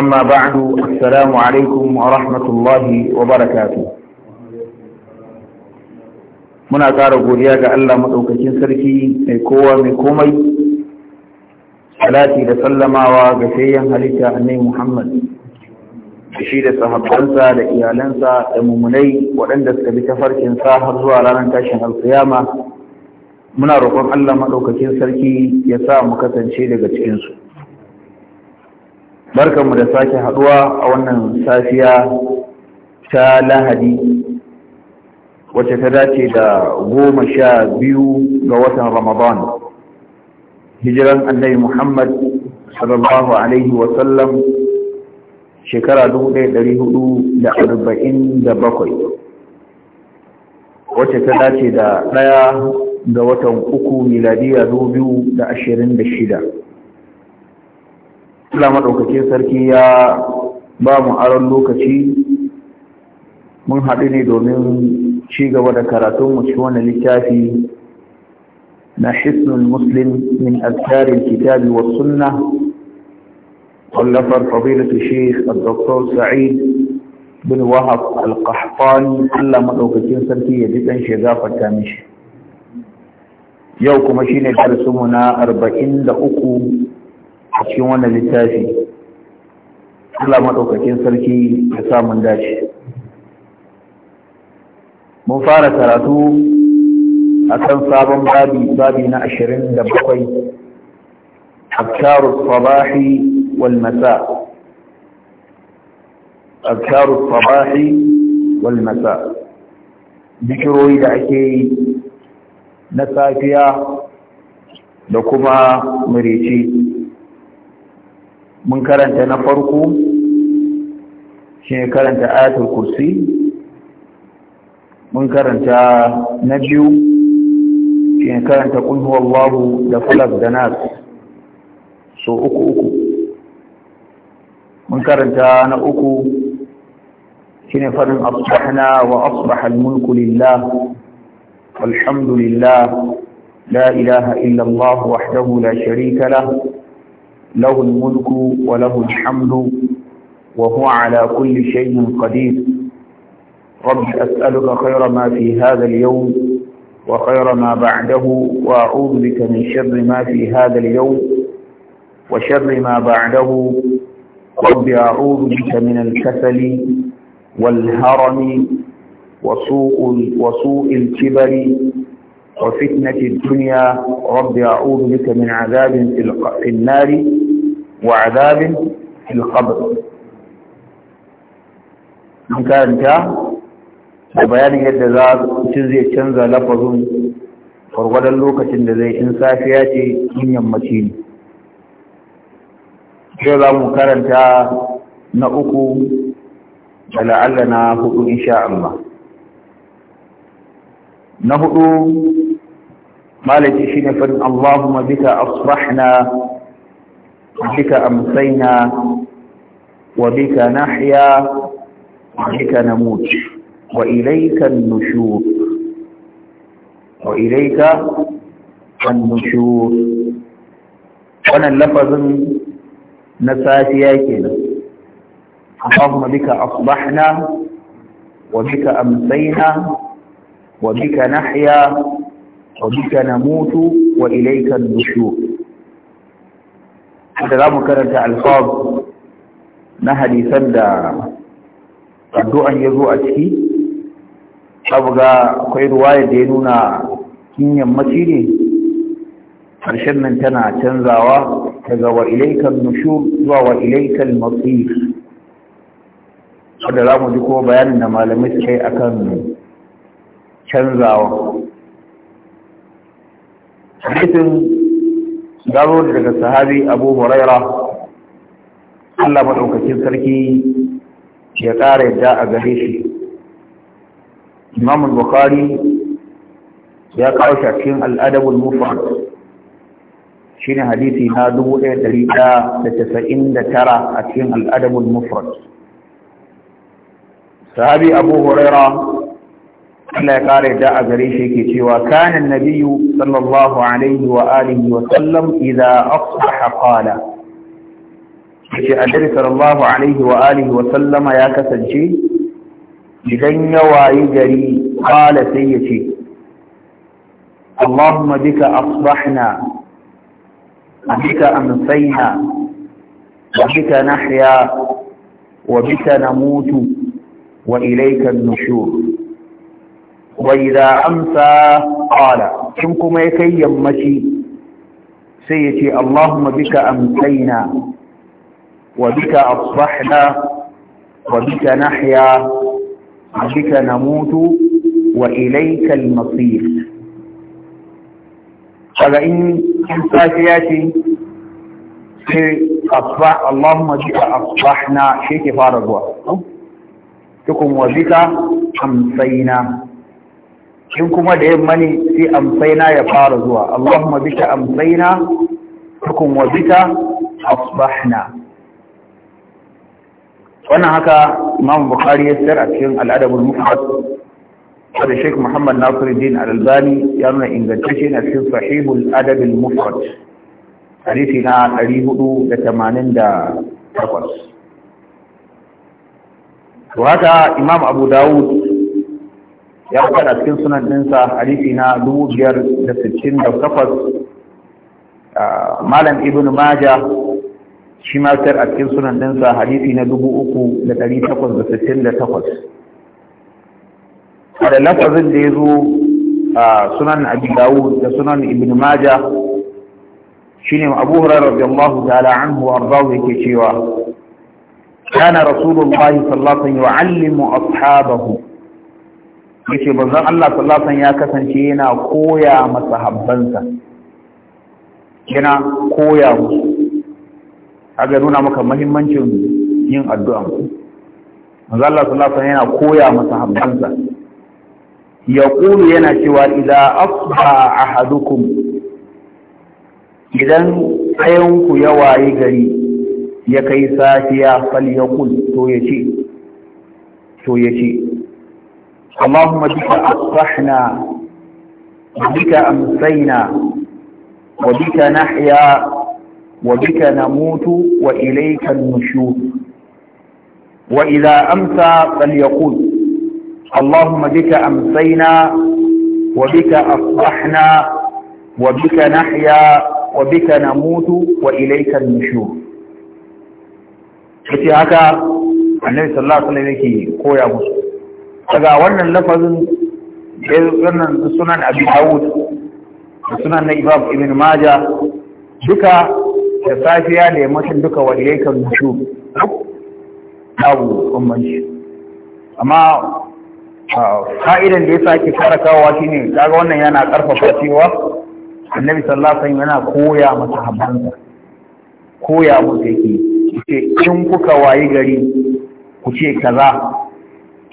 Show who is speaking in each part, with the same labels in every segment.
Speaker 1: أما بعد السلام عليكم ورحمة الله وبركاته muna ƙara godiya ga Allah maɗaukakin sarki mai komai salati da sallamawa ga shayyan halitta annai Muhammad shi da sahabbansa da iyalansa da mummunai waɗanda suka bi tafarkin sa har zuwa ranar tashin alkiyama muna roƙon Allah maɗaukakin sarki ya sa mu kasance daga cikinsu barkanmu da sake haduwa a wannan safiya ta lahadi wacce ta dace da goma sha biyu ga watan ramadan hijiran annabi muhammad sallallahu alaihi wasallam shekara bakwai, wacce ta dace da ɗaya ga watan uku miladiya shida. Allah maɗaukakin sarki ya ba mu aron lokaci mun haɗu ne domin ci gaba da karatun mu cikin littafi na hisnul muslim min azkarin kitabi wa sunna wallafar fadilatu sheikh al-doktor sa'id bin wahab al-qahtani Allah maɗaukakin sarki ya ji ɗan shiga fata mishi yau kuma shine darasinmu na arba'in da uku a cikin wannan littafi Allah maɗaukakin sarki ya samun dace mun fara karatu a kan sabon babi babi na ashirin da bakwai afkaru sabahi wal masa afkaru sabahi wal masa bikiroyi da ake yi na safiya da kuma murici mun karanta na farko shi ne karanta ayatul kursi mun karanta na biyu shi ne karanta ƙunhuwallahu da falas da nas so uku uku mun karanta na uku shi ne farin asbahna wa asbahal mulku lillah walhamdulillah la ilaha illallah wahdahu la sharika له الملك وله الحمد وهو على كل شيء قدير رب أسألك خير ما في هذا اليوم وخير ما بعده وأعوذ بك من شر ما في هذا اليوم وشر ما بعده رب أعوذ بك من الكسل والهرم وسوء, وسوء الكبر وفتنة الدنيا رب أعوذ بك من عذاب في النار wa azabin fil qabr karanta da bayanin yadda za mutum zai canza lafazin gwargwadon lokacin da zai in safiya ce in yammaci ne yau za mu karanta na uku da la'alla na hudu insha Allah na hudu malaci shi ne farin Allahumma bika asrahna بك أمسينا وبك نحيا وبك نموت وإليك النشور وإليك النشور وانا اللفظ نساتي ايكينا اللهم بك أصبحنا وبك أمسينا وبك نحيا وبك نموت وإليك النشور da za mu karanta alfab na hadisan da addu'an ya zo a ciki abu ga akwai ruwaya da ya nuna kin yammaci ne ƙarshen nan tana canzawa daga wa ilaikan nushu zuwa wa ilaikan matsi wadda za mu ji kuma bayanin da malamai suka yi akan canzawa gano daga sahabi abu huraira allah maɗaukacin sarki ya ƙara yadda a gare shi imamul bukari ya kawo shafin al'adabul mufad shi ne hadisi na tara a cikin al'adabul mufad sahabi abu huraira Allah ya kare da a gare shi yake cewa kana nabiyyu sallallahu alaihi wa alihi wa sallam idza asbaha qala yace annabi sallallahu alaihi wa alihi wa sallama ya kasance idan ya wayi gari qala sai yace Allahumma bika asbahna بك أمسينا وبك نحيا وبك نموت وإليك النشور وإذا أمسى قال كنكم يكي يمشي سيتي اللهم بك أمسينا وبك أصبحنا وبك نحيا وبك نموت وإليك المصير قال إن ساتياتي أصبح اللهم بك أصبحنا شيء كفار الزواج تكم وبك أمسينا in kuma da yamma ne sai amsaina ya fara zuwa Allahumma bika amsaina hukum wa asbahna wannan haka Imam Bukhari ya sayar a cikin Al-Adabul Mufrad da Sheikh Muhammad Nasiruddin Al-Albani ya nuna ingantacce na cikin Sahihul Adabul Mufrad hadisi na 488 to haka Imam Abu Dawud ya fara cikin sunan dinsa hadisi na dubu biyar da sittin da takwas malam ibn maja shi ma tar a cikin sunan dinsa hadisi na dubu uku da ɗari takwas da sittin da takwas da lafazin da ya zo sunan abi da sunan ibn maja shine abu da radiyallahu ta'ala anhu ardahu yake cewa kana rasulullahi sallallahu yi wa sallam yu'allimu ashabahu yace manzon Allah sallallahu alaihi ya kasance yana koya masa habbansa yana koya musu kaga nuna maka muhimmancin yin addu'a manzon Allah sallallahu alaihi yana koya masa habbansa yaqulu yana cewa idza asba ahadukum idan ayanku ya waye gari ya kai safiya fal yaqul to yace to yace اللهم بك أصبحنا وبك أمسينا وبك نحيا وبك نموت وإليك النشور وإذا أمسى فليقول اللهم بك أمسينا وبك أصبحنا وبك نحيا وبك نموت وإليك النشور هكا النبي صلى الله عليه وسلم yake koya musu daga wannan lafazin eh, wannan sunan abi dawud da sunan na ibab ibn maja duka da safiya da mutum duka waliyai kan nushu babu kumbanci amma fa'idan da ya sake karakawa shine daga wannan yana karfafa cewa annabi sallallahu alaihi yana koya masa habbansa koya musu yake ce in kuka wayi gari ku ce kaza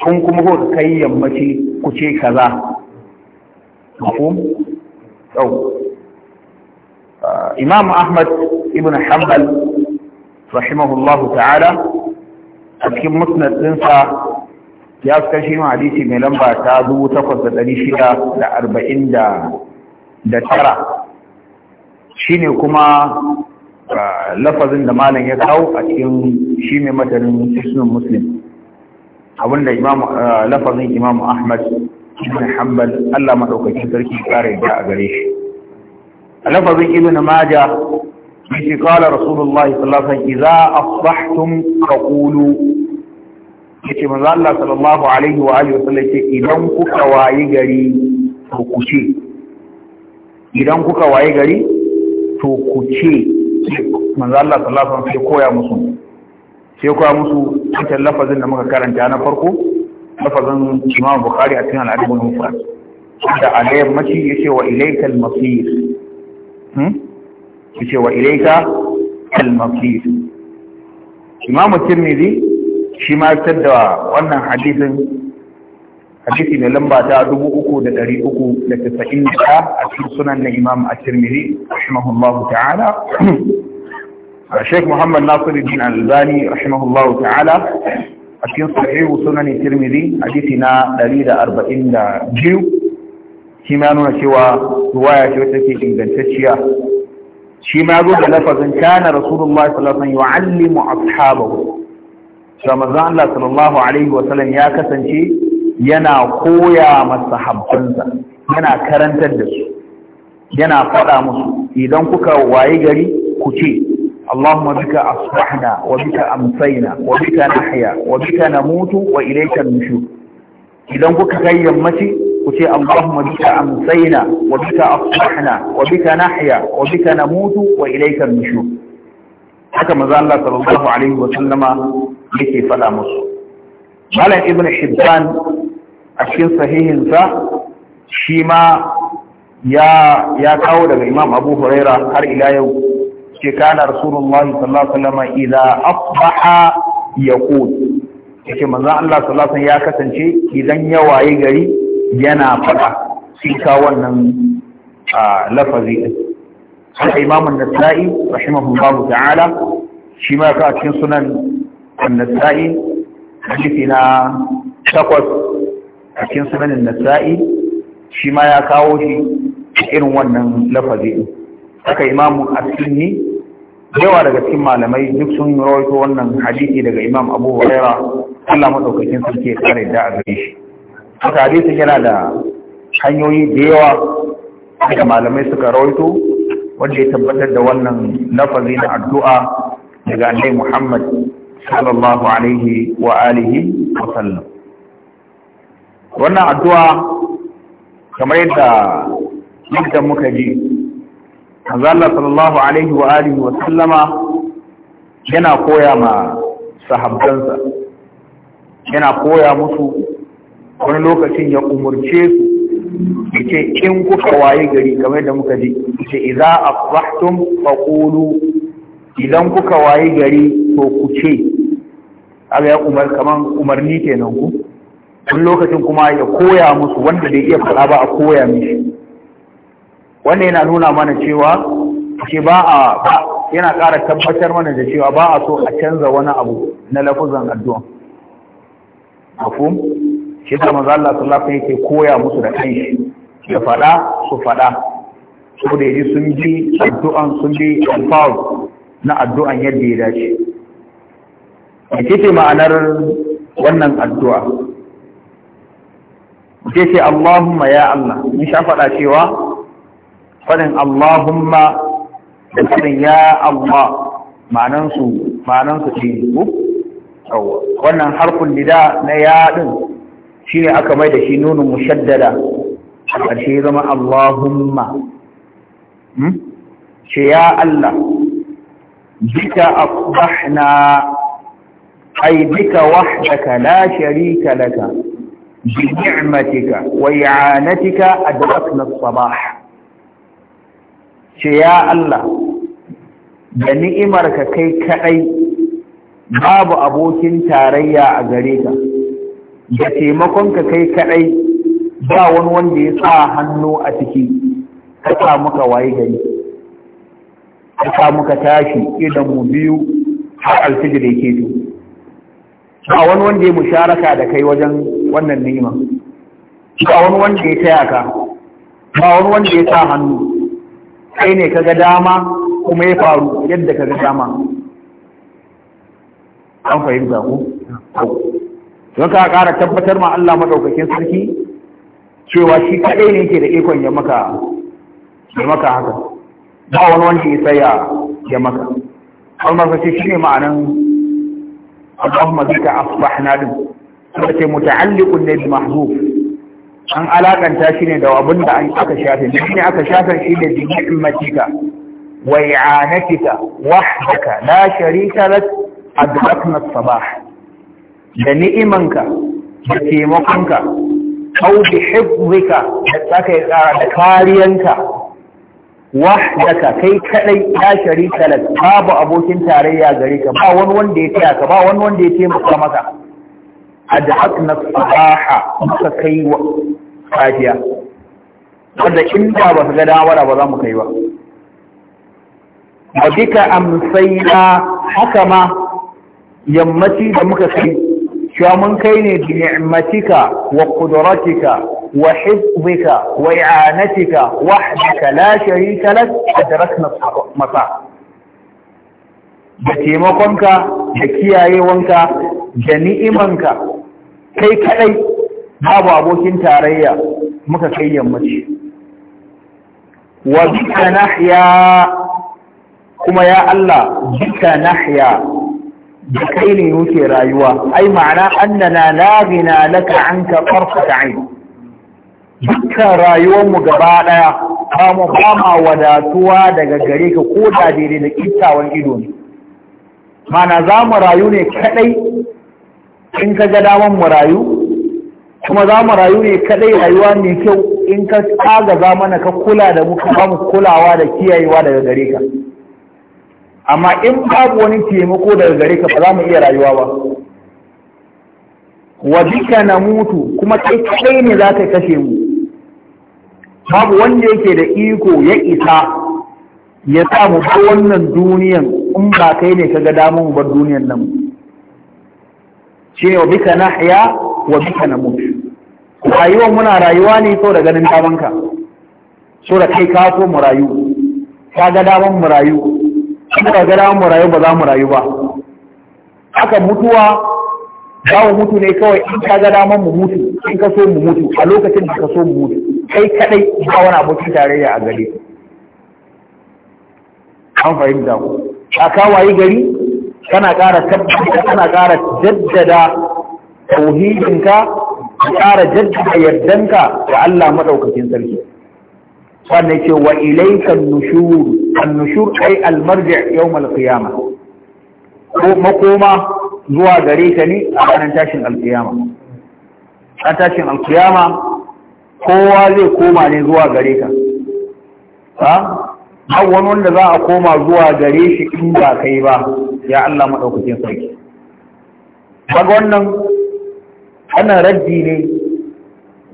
Speaker 1: kun kuma ko ka kai yammaci ku ce kaza mafhum yau ah, imam ahmad ibn hanbal rahimahullahu ta'ala a cikin musnad dinsa ya fi kashe ma hadisi mai lamba ta dubu takwas da ɗari shida da arba'in da tara shi ne kuma ah, lafazin da malam ya kawo a cikin shi mai matanin ismin muslim abinda imamu eh, lafazin imamu ahmad ibn hanbal Allah madaukakin sarki kare da a gare shi lafazin ibn maja yace kala rasulullah sallallahu alaihi wasallam idza asbahtum faqulu yace manzo Allah sallallahu alaihi wa alihi wasallam yace idan kuka waye gari to ku ce idan kuka waye gari to ku ce manzo Allah sallallahu alaihi wasallam sai koya musu sai musu cikin lafazin da muka karanta na farko lafazin imam bukhari a cikin al'adun mufrad da alayyar mashi hmm? ya ce wa ilaika al-masir ya ce wa ilaika al-masir imam tirmidhi shi ma ya da wannan hadisin hadisi mai lamba ta 3391 a cikin sunan na imam at-tirmidhi rahimahullahu ta'ala Sheikh Muhammad Nasiruddin Al-Albani rahimahullahu ta'ala a cikin sahihu sunan Tirmidhi hadisi na 142 shi ma nuna cewa ruwaya ce wacce take ingantacciya shi ma zo da lafazin kana Rasulullahi sallallahu alaihi wa sallam yu'allimu ashabahu Ramazan Allah sallallahu alaihi wa sallam ya kasance yana koya masahabbansa yana karantar da su yana faɗa musu idan kuka waye gari ku ce اللهم بك أصبحنا وبك أمسينا وبك نحيا وبك نموت وإليك النشور إذا كنت كي يمتي وتي اللهم بك أمسينا وبك أصبحنا وبك نحيا وبك نموت وإليك النشور haka maza Allah sallallahu alaihi wa sallama yake faɗa musu malam ibn hibban a cikin sahihinsa shi ma ya kawo daga imam abu huraira har ila yau ce kana rasulullahi sallallahu alaihi wasallam idza asbaha yaqul yake manzo Allah sallallahu alaihi ya kasance idan ya waye gari yana faɗa sai ka wannan lafazi din sai imam an-nasa'i rahimahullahu ta'ala shi ma ka cikin sunan an-nasa'i hadisi na takwas a cikin sunan an-nasa'i shi ma ya kawo shi irin wannan lafazi din haka imamu asilni yawa daga cikin malamai duk sun rawaito wannan hadisi daga imam abu waira allah maɗaukakin sarki ya kare da a gare shi haka hadisi yana da hanyoyi da yawa daga malamai suka rawaito wanda ya tabbatar da wannan lafazi na addu'a daga annai muhammad sallallahu alaihi wa alihi wa sallam wannan addu'a kamar yadda yadda muka ji Allah sallallahu alaihi wa alihi wa sallama yana koya ma sahabbansa yana koya musu wani lokacin ya umurce su yace in kuka waye gari kamar da muka ji yace idza afrahtum faqulu idan kuka waye gari to ku ce aga ya umar kaman umarni kenan ku wani lokacin kuma ya koya musu wanda bai iya fara ba a koya mishi wannan yana nuna mana cewa shi ba a yana ƙara tabbatar mana da cewa ba a so a canza wani abu na lafuzan addu'a mafhum shi da maza Allah su lafi yake koya musu da kai ya fada su fada da yi sun bi addu'an sun bi alfawar na addu'an yadda ya dace ce ma'anar wannan addu'a ce Allahumma ya Allah mun sha fada cewa fadin Allahumma da fadin ya Allah ma'anansu ma'anansu ce wannan harfin nida na ya din shi ne aka mai da shi nunin mushaddada a ƙarshe zama Allahumma ce ya Allah bika asbahna ay bika wahdaka la sharika laka bi ni'matika wa i'anatika adrakna as-sabah ce ya Allah da ni'imarka kai kaɗai, babu abokin tarayya a gare ka da taimakonka kai kaɗai, ba wani wanda ya sa hannu a ciki ka sa muka waye gari ka sa muka tashi idan mu biyu har alfijir yake to ba wani wanda ya musharaka da kai wajen wannan ni'ima ba wani wanda ya taya ka ba wani wanda ya sa hannu kai ne kaga dama kuma ya faru yadda kaga dama an fahimta ku don ka ƙara tabbatar ma Allah maɗaukakin sarki cewa shi kaɗai ne ke da ikon ya maka ya maka haka ba wani wanda ya tsaya ya maka har masa ce shi ne ma'anan Allahumma zika asbahna din sai ce muta'alliqun ne bi mahzuf an alakanta shi ne da abin da aka shafe shi ne aka shafe shi da jini'in matika wa i'anatika wahdaka la sharika lak adrakna sabah da ni'imanka da taimakonka au bi hifzika da tsaka ya tsara da kariyanka wahdaka kai kadai la sharika lak babu abokin tarayya gare ka ba wani wanda ya taya ka ba wani wanda ya taimaka maka adrakna sabaha muka kai safiya wanda inda ba su ga damar ba za mu kai ba Ba duka amsaina haka ma yammaci da muka kai cewa mun kai ne bi ni'matika wa qudratika wa hizbika wa i'anatika wahdaka la sharika lak adrakna masa da taimakonka da kiyayewanka da ni'imanka kai kadai babu abokin tarayya muka kai yammaci wa bika nahya kuma ya Allah bika nahya da kai ne muke rayuwa ai ma'ana annana la gina laka anka tarfat ayn dukkan rayuwar mu gaba daya ba mu fama wadatuwa daga gare ka ko da daidai da kittawan ido ne mana za mu rayu ne kadai in ka ga daman mu rayu kuma za mu rayu ne kadai rayuwa mai kyau in ka tsagaza mana ka kula da muka ka mu kulawa da kiyayewa daga gare ka amma in babu wani taimako daga gare ka ba za mu iya rayuwa ba wa bika na mutu kuma kai kadai ne za ka kashe mu babu wanda yake da iko ya isa ya sa mu ba wannan duniyan in ba kai ne ka ga damar mu bar duniyan nan shi ne wa bika haya wa bika mutu? rayuwar muna rayuwa ne so da ganin damanka so da kai kaso mu rayu ka ga daman mu rayu ka ga daman mu rayu ba za mu rayu ba haka mutuwa za mu mutu ne kawai in ka ga daman mu mutu in ka so mu mutu a lokacin da ka so mu mutu kai kadai ba wani abokin tarayya a gare an fahimta ku a kawaye gari kana ƙara tabbata kana kara jaddada tauhidinka ka ƙara jaddada ka, da Allah maɗaukakin sarki wannan ce wa ilaikan nushur an nushur ai almarji yawmal qiyama ko makoma zuwa gare ka ne a ranar tashin alqiyama a tashin kowa zai koma ne zuwa gare ka ha har wani wanda za a koma zuwa gare shi in ba kai ba ya Allah maɗaukakin sarki kaga wannan wannan raddi ne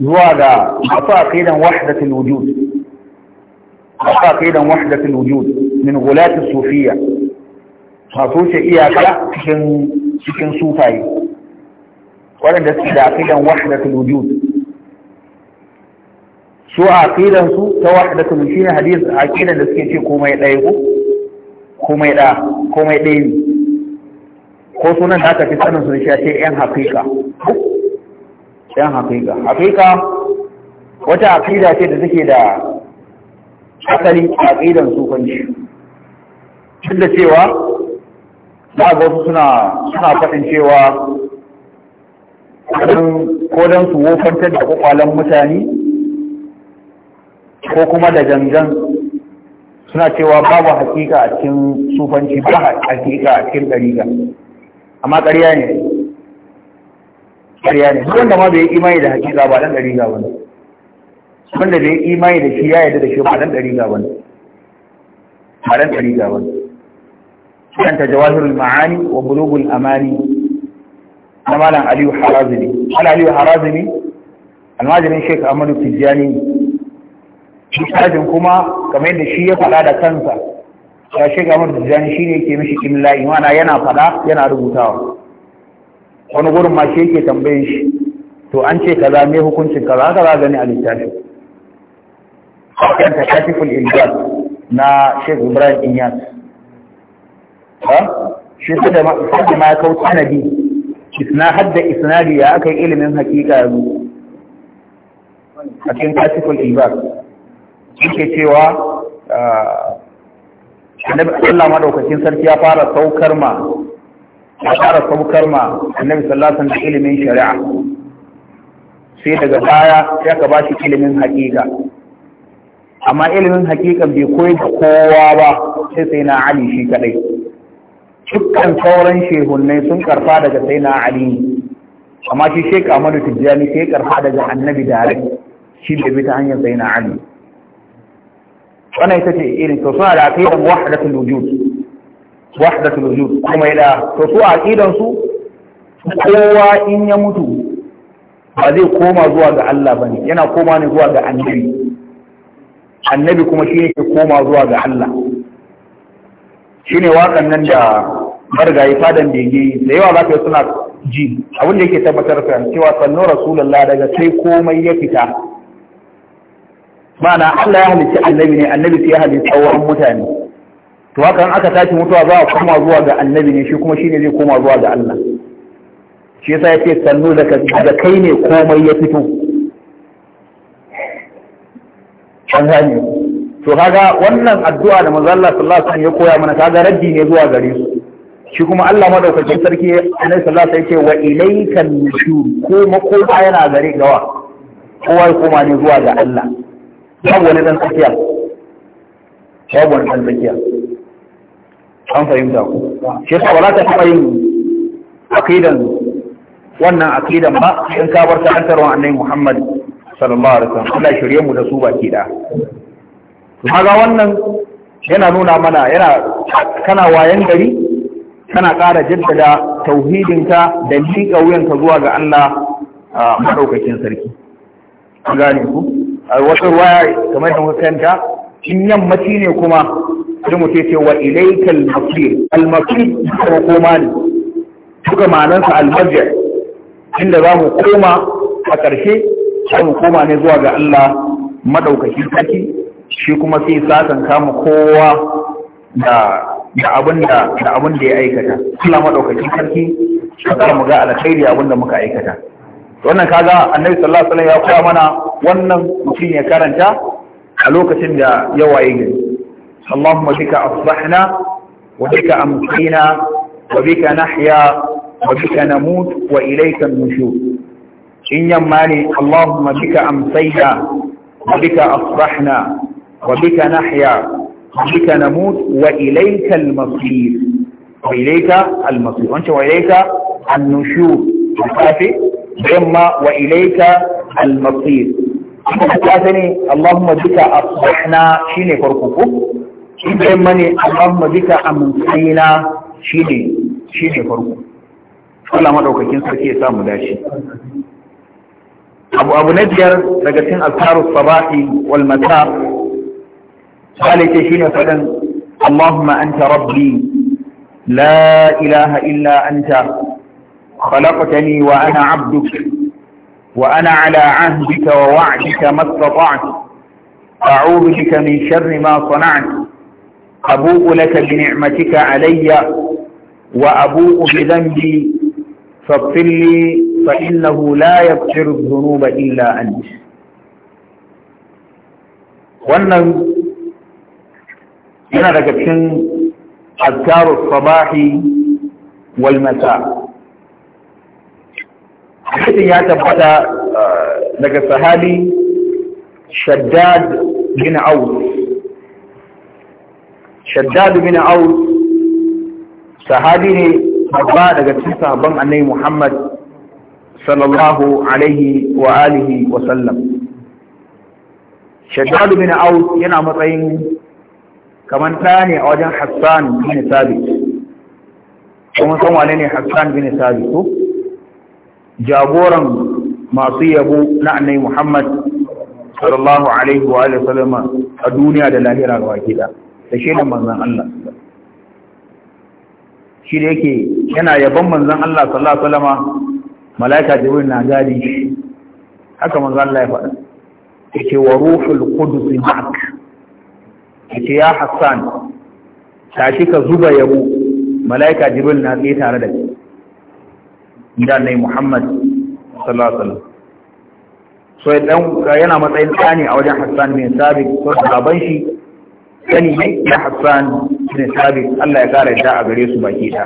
Speaker 1: zuwa ga masu aqidan wahdatul wujud masu aqidan wahdatul wujud min ghulat sufiyya masu ce iyaka cikin cikin sufaye waɗanda suke da aqidan wahdatul wujud su aqidan su ta wahdatul shine hadith aqidan da suke ce komai ɗaya ko komai ɗaya komai ɗaya ko sunan da aka fi sanin su shi a ce yan haƙiƙa. ɗan haƙiƙa haƙiƙa wata aƙida ce da take da asali a aƙidan sufanci Tunda da cewa za ga wasu suna suna faɗin cewa ko don su wofantar da ƙwaƙwalen mutane ko kuma da gangan suna cewa babu haƙiƙa a cikin sufanci ba haƙiƙa a cikin ɗariƙa amma ƙarya ne ƙarya ne duk wanda ma bai yi imani da hakika ba dan ɗari ga wani wanda bai yi imani da shi ya yarda da shi ba dan ɗari ga wani ba dan ɗari ga wani kanta jawahirul ma'ani wa bulugul amani na malam aliyu harazimi malam aliyu harazimi almajirin shek amadu tijjani shi tajin kuma kamar yadda shi ya faɗa da kansa ya shek amadu tijjani shi ne ke mishi imla'i mana yana faɗa yana rubutawa wani gurin ma shi yake tambayin shi to an ce kaza me hukuncin kaza haka za gani a littafi kan ta kashiful na Sheikh Ibrahim Inyas ha shi su da sai ma kau sanadi isna hadda isnadi ya akai ilimin hakika yanzu a cikin kashiful ilbas yake cewa ah, Allah madaukakin sarki ya fara saukar ma ya fara saukar ma annabi sallallahu alaihi wasallam ilimin shari'a sai daga baya ya ka bashi ilimin haƙiƙa amma ilimin haƙiƙa bai koyi da kowa ba sai sai na ali shi kadai dukkan sauran shehunnai sun karfa daga sai na ali amma shi shek amadu tijjani sai karfa daga annabi direct shi bai bi ta hanyar sai na ali wannan ita ce irin to suna da aqidan wahdatul wujud wahdatul wujud kuma ila to su aqidan su kowa in ya mutu ba zai koma zuwa ga Allah bane yana koma ne zuwa ga annabi annabi kuma shi ne koma zuwa ga Allah ne wakan nan da margayi fadan bege da yawa za zaka suna ji abin da yake tabbatar ka cewa sannu rasulullah daga sai komai ya fita ma'ana Allah ya halicci annabi ne annabi sai ya halicci sauran mutane to haka in aka tashi mutuwa za a koma zuwa ga annabi ne shi kuma shine zai koma zuwa ga Allah shi yasa yake sannu da kai ne komai ya fito an gane to kaga wannan addu'a da manzo Allah sallallahu alaihi wasallam ya koya mana kaga raddi ne zuwa gare su shi kuma Allah madaukakin sarki Annabi sallallahu alaihi wasallam yake wa ilaikan nushur ko makoma yana gare gawa kowa koma ne zuwa ga Allah babu wani dan tsakiya babu wani dan tsakiya an fahimta ku shi yasa ba za ta taɓa yin aqidan wannan aqidan ba in ka bar wa annabi Muhammad sallallahu alaihi wasallam Allah shirye mu da su baki da kaga wannan yana nuna mana yana kana wayan gari kana ƙara jaddada tauhidinka da liƙa wuyanka zuwa ga Allah madaukakin sarki an gane ku a wasu ruwaya kamar da muka kanta in yammaci ne kuma sai mu ce wa ilaikal masir al masir ko koma ne duka ma'anarsa al inda za mu koma a ƙarshe sai mu koma ne zuwa ga Allah madaukaki sarki shi kuma sai satan kama kowa da da abin da da ya aikata Allah madaukakin sarki shi kara mu ga alkhairi abin da muka aikata wannan kaga Annabi sallallahu alaihi wasallam ya koya mana wannan mutum ya karanta a lokacin da ya waye gari اللهم بك أصبحنا وبك أمسينا وبك نحيا وبك نموت وإليك النشور إن يمالي اللهم بك أمسينا وبك أصبحنا وبك نحيا وبك نموت وإليك المصير وإليك المصير وأنت وإليك النشور الكافي إما وإليك المصير اللهم بك أصبحنا شيني فرقكم shi ne mani Allahumma bika amsaina shine shine farko Allah madaukakin sarki ya samu dashi abu abu na biyar daga cikin asharu sabahi wal mata shi shine fadan Allahumma anta rabbi la ilaha illa anta خلقتني وأنا عبدك وأنا على عهدك ووعدك ما استطعت أعوذ بك من شر ما صنعت أبوء لك بنعمتك علي وأبوء بذنبي فاغفر لي فإنه لا يغفر الذنوب إلا أنت wannan yana daga cikin azkarus sabahi wal masa hadisin ya tabbata daga sahabi shaddad bin aus shaddadu bin aur sahabi ne daga cikin sahabban annabi muhammad sallallahu alaihi wa alihi wa sallam shaddadu bin aur yana matsayin kamar ɗa a wajen hassan bin sabit kuma san wane ne hassan bin sabit ko jagoran masu yabo na annabi muhammad sallallahu alaihi wa alihi wa sallama a duniya da lahira ga wakila da ne manzan Allah shi da yake yana yaban manzan Allah sallallahu alaihi wasallama malaika jibril na gadi shi haka manzan Allah ya faɗa yake wa ruhul qudus ma'ak yake ya hassan tashi ka zuba yabo malaika jibril na tsaye tare da kai da nai Muhammad sallallahu alaihi wasallam so yana matsayin tsani a wajen Hassan bin Sabit so shi sani ne na Hassan ne sabi Allah ya kara da a gare su baki ta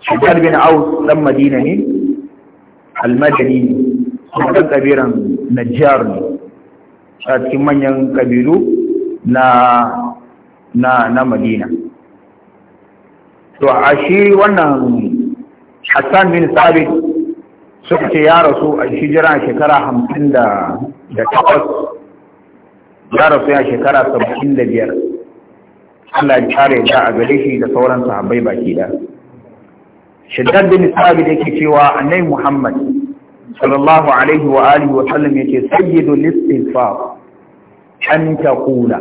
Speaker 1: shekar bin au dan Madina ne almadani ne kuma dan kabiran Najjar ne a cikin manyan kabilu na na na Madina to a shi wannan Hassan bin sabi suka ce ya rasu a shi jira shekara hamsin da takwas ya rasu ya shekara saba'in da biyar Allah ya kare ta a gare shi da sauran sahabbai baki da shiddad bin sabit yake cewa annabi Muhammad sallallahu alaihi wa alihi wa sallam yake sayyidul istighfar an kula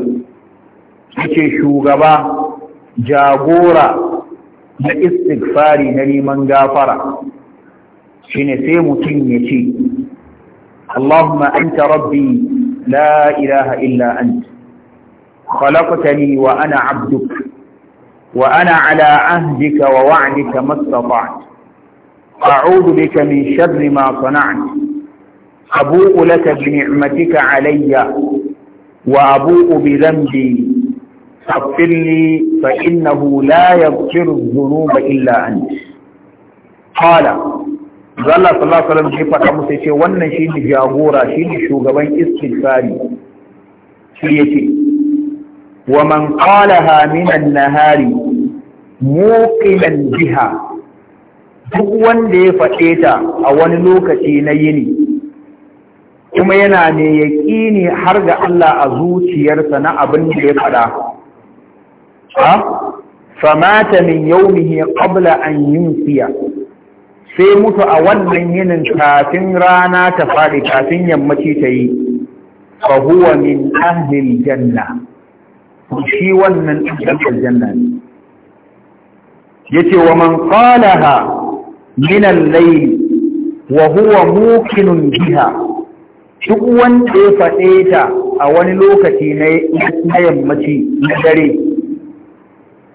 Speaker 1: yake shugaba jagora da istighfari na neman gafara shine sai mutum ya ce Allahumma anta rabbi لا إله إلا أنت خلقتني وأنا عبدك وأنا على عهدك ووعدك ما استطعت أعوذ بك من شر ما صنعت أبوء لك بنعمتك علي وأبوء بذنبي فاغفر لي فإنه لا يغفر الذنوب إلا أنت قال Allah sallallahu alaihi wasallam faɗa musu yace wannan shine jagora shine shugaban istighfari shi yace wa man qalaha min an-nahari muqinan biha duk wanda ya faɗe ta a wani lokaci na yini kuma yana ne yaƙini har ga Allah a zuciyarsa na abin da ya faɗa ha famata min yawmihi qabla an yunsiya sai mutu a wannan yinin kafin rana ta faɗi kafin yammaci ta yi fa huwa min ahlil janna shi wannan ɗan aljanna ne yace wa man qalaha min al-layl wa huwa muqinun biha duk wanda ya faɗe ta a wani lokaci na yammaci na dare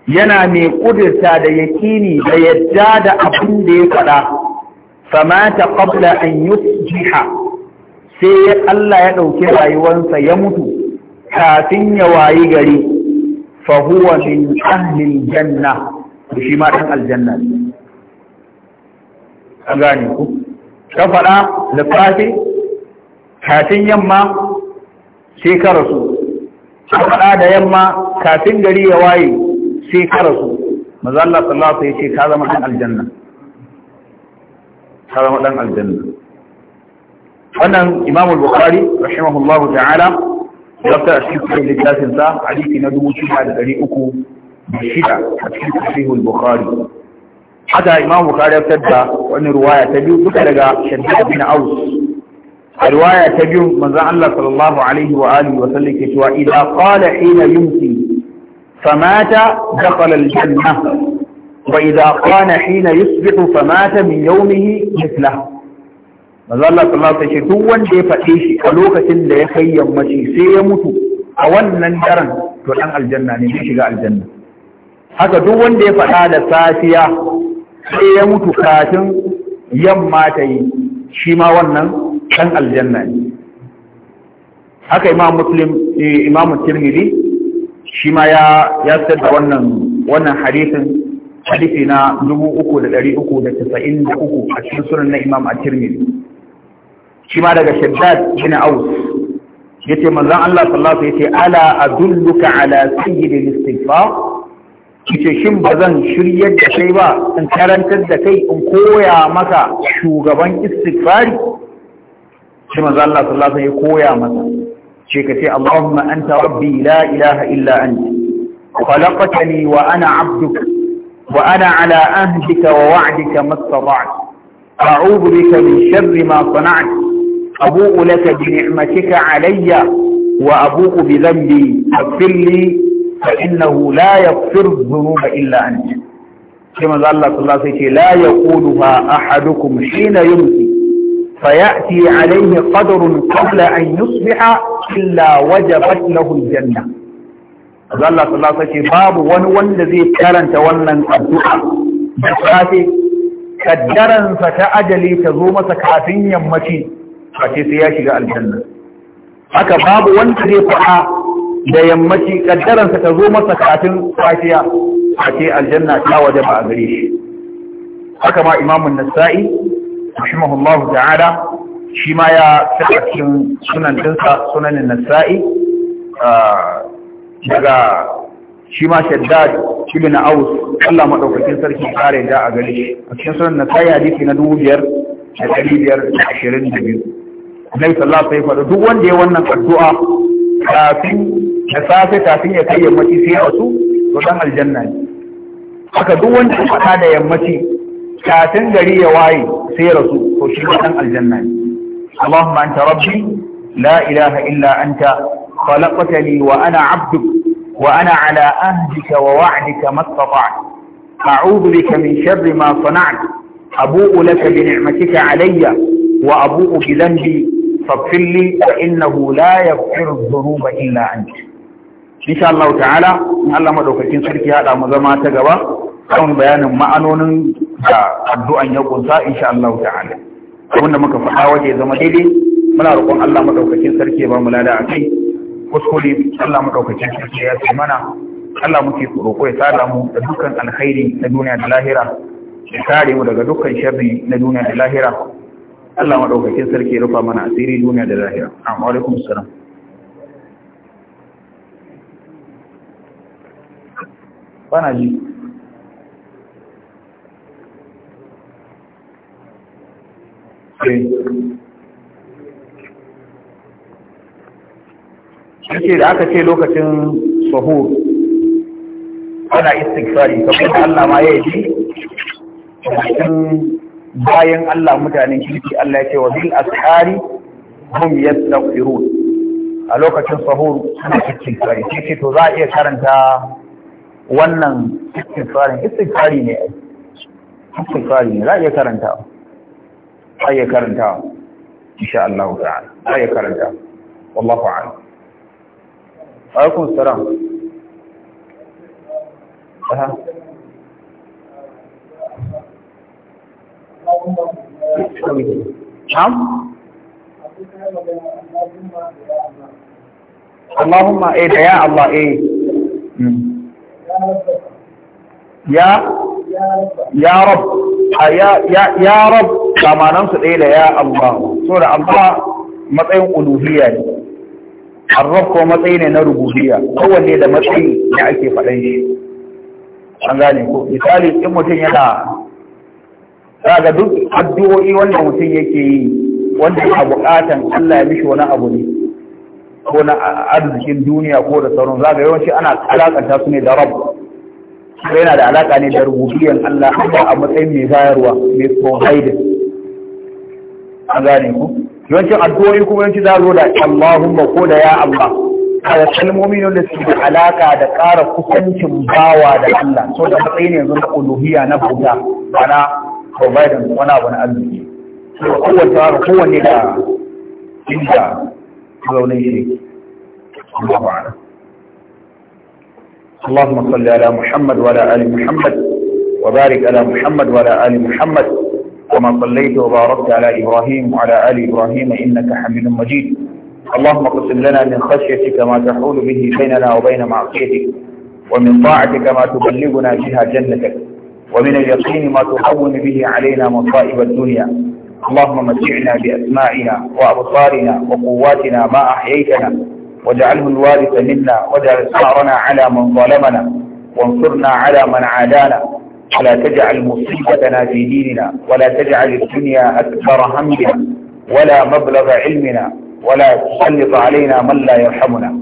Speaker 1: yana mai ƙudurta da yakini da yadda da abin da ya faɗa ta qabla an yusjiha sai Allah ya ɗauki rayuwarsa ya mutu kafin ya wayi gari fa huwa min ahlil janna shi ma ɗan aljanna ne gane ku ka faɗa da kafin yamma sai ka rasu ka faɗa da yamma kafin gari ya waye sai ka rasu maza Allah sallallahu alaihi wasallam ka zama dan aljanna ka zama dan aljanna wannan Imam al-Bukhari rahimahullahu ta'ala
Speaker 2: ya fara cikin
Speaker 1: littafin sa hadisi na 2306 a cikin Sahih al-Bukhari haka Imam Bukhari ya fitar wani ruwaya ta biyu duka daga Shaddad bin Aus a riwaya ta biyu manzon Allah sallallahu alaihi wa alihi wa sallam ke cewa idza qala hina yumsi فمات دخل الجنة وإذا قان حين يصبح فمات من يومه مثله mazalla sallallahu alaihi wasallam duk wanda ya faɗe shi a lokacin da ya kai yammaci sai ya mutu a wannan daren to dan aljanna ne zai shiga aljanna haka duk wanda ya faɗa da safiya sai ya mutu kafin yamma ta yi shi ma wannan dan aljanna ne haka imam shi ma ya ya fitar da wannan wannan hadisin hadisi na 3393 a cikin sunan na Imam at Shima shi ma daga Shaddad bin Aus Ya yace manzan Allah sallallahu alaihi wasallam yace ala adulluka ala sayyidil istighfar yace shin zan shiryar da kai ba in karantar da kai in koya maka shugaban istifari shi manzan Allah sallallahu ya koya maka. شيكتي اللهم أنت ربي لا إله إلا أنت خلقتني وأنا عبدك وأنا على أهدك ووعدك ما استطعت أعوذ بك من شر ما صنعت أبوء لك بنعمتك علي وأبوء بذنبي فاغفر لي فإنه لا يغفر الذنوب إلا أنت كما قال الله صلى الله عليه وسلم لا يقولها أحدكم حين يمسي فيأتي عليه قدر قبل أن يصبح إلا وجبت له الجنة Allah sallallahu alaihi wasallam babu wani wanda zai karanta wannan addu'a da safe kaddaran sa ta ajali ta zo masa kafin yammaci face sai ya shiga aljanna haka babu wanda zai faɗa da yammaci kaddaran sa ta zo masa kafin safiya face aljanna ta wajaba a gare shi haka ma imamun nasa'i rahimahullahu ta'ala shi ma ya saka cikin sunan dinsa sunanin nasa'i daga shi ma shaddad aus Allah madaukakin sarki kare da a gari a cikin sunan nasa'i hadisi na dubu biyar da ɗari biyar da ashirin da biyu Annabi sallallahu alaihi wasallam duk wanda ya wannan addu'a da safe kafin ya kai yammaci sai ya to dan aljanna ne haka duk wanda ya da yammaci kafin gari ya waye sai rasu ko shi ɗan aljanna ne Allahumma anta rabbi la ilaha illa anta khalaqtani wa ana 'abduk wa ana 'ala ahdika wa wa'dika mastata'tu a'udhu bika min sharri ma sana'tu abu'u laka bi ni'matika 'alayya wa abu'u bi dhanbi faghfir li fa innahu la yaghfiru dhunuba illa anta insha Allah ta'ala in Allah madaukakin sarki hada mu zama ta gaba kan bayanin ma'anonin da addu'an ya kunsa insha Allah ta'ala abin da muka faɗa waje zama daidai muna roƙon Allah madaukakin sarki ya ba mu lada a kai kuskure Allah madaukakin sarki ya ce mana Allah muke roƙo ya tsara mu da dukkan alkhairi na duniya da lahira ya kare mu daga dukkan sharri na duniya da lahira Allah madaukakin sarki ya rufa mana asiri duniya da lahira amma alaikum salam bana ji ce da aka ce lokacin sahur ana istighfari kamar da Allah ma ya yi shi. bayan Allah mutanen kirki Allah ya ce wa bil ashari hum yastaghfirun a lokacin sahur ana istighfari shi ce to za a iya karanta wannan istighfarin istighfari ne istighfari ne za a iya karanta. ai ya karanta insha Allah ta'ala ai ya karanta wallahu a'lam alaikum salam aha Ham? Allahumma eh da ya Allah eh. Ya ya Rab ya ya ya Rab kamanan su ɗaya da ya Allah so da Allah matsayin uluhiyya ne arraf ko matsayi ne na rububiyya kowanne da matsayi da ake faɗan shi an gane ko misali in mutum yana daga duk addu'o'i wanda mutum yake yi wanda ya buƙatan Allah ya mishi wani abu ne ko na arzikin duniya ko da sauran zaga yawanci ana alaƙanta su ne da rabu yana da alaƙa ne da rububiyan Allah a matsayin mai bayarwa mai provider an gane ku yawancin addu'o'i kuma yawancin za zo da Allahumma ko da ya Allah kada kalmomi ne da suke alaka da ƙara kusancin bawa da Allah so da matsayin yanzu na uluhiyya na buga bana providing wani abu na arziki so kowace haka kowanne da inda zaunin shi Allah ba'ala اللهم صل على محمد وعلى آل محمد وبارك على محمد وعلى آل محمد كما صليت وباركت على إبراهيم وعلى آل إبراهيم إنك حميد مجيد اللهم اقسم لنا من خشيتك ما تحول به بيننا وبين معصيتك ومن طاعتك ما تبلغنا بها جنتك ومن اليقين ما تهون به علينا مصائب الدنيا اللهم متعنا بأسمائنا وأبصارنا وقواتنا ما أحييتنا واجعله الوارث منا واجعل ثارنا على من ظلمنا وانصرنا على من عادانا ولا تجعل مصيبتنا في ديننا ولا تجعل الدنيا أكبر همنا ولا مبلغ علمنا ولا تسلط علينا من لا يرحمنا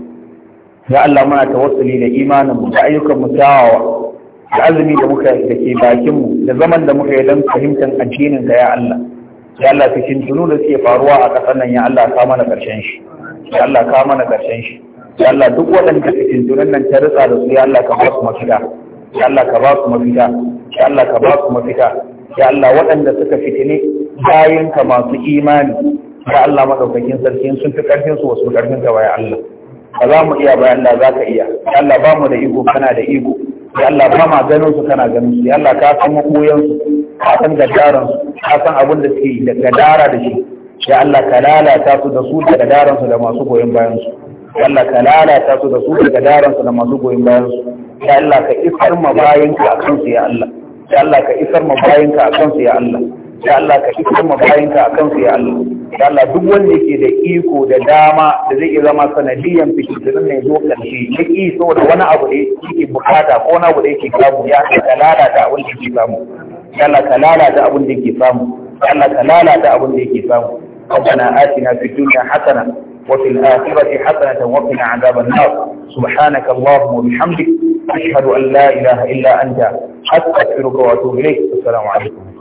Speaker 1: ya Allah muna tawassuli da imaninmu da ayyukanmu kyawawa da azumi da muka da ke bakinmu da zaman da muka yi don fahimtar addinin ka ya Allah ya Allah cikin tunu suke faruwa a ƙasar nan ya Allah ka mana shi ya Allah shi ya Allah duk waɗanda cikin nan ta ritsa da su ya Allah ka mafita ya Allah ka ba su mafita ya Allah ka ba su mafita ya Allah waɗanda suka fitine bayan ka masu imani ya Allah madaukakin sarki sun fi karfin su wasu karfin ka ya Allah ba za mu iya bayan da za ka iya ya Allah ba mu da iko kana da iko ya Allah ba ma ganin su kana ganin su ya Allah ka san makoyan su ka san gadaran su ka san abin da suke da gadara da shi ya Allah ka lalata su da su da gadaran su da masu goyon bayan su ya Allah ka lalata su da su da gadaran su da masu goyon bayan su ya Allah ka isar ma bayanka a kansu ya Allah ya Allah ka isar ma bayanka a kansu ya Allah ya Allah ka isar ma bayanka a kansu ya Allah ya Allah duk wanda yake da iko da dama da zai iya zama sanadiyan fikirin ne zo karshe ya ki saboda wani abu da yake bukata ko wani abu da yake samu ya Allah ka lalata abin da yake samu ya Allah ka lalata abin da yake samu ya Allah ka lalata abin da yake samu ربنا آتنا في الدنيا حسنة وفي الآخرة حسنة وقنا عذاب النار سبحانك اللهم وبحمدك أشهد أن لا إله إلا أنت أستغفرك وأتوب إليك السلام عليكم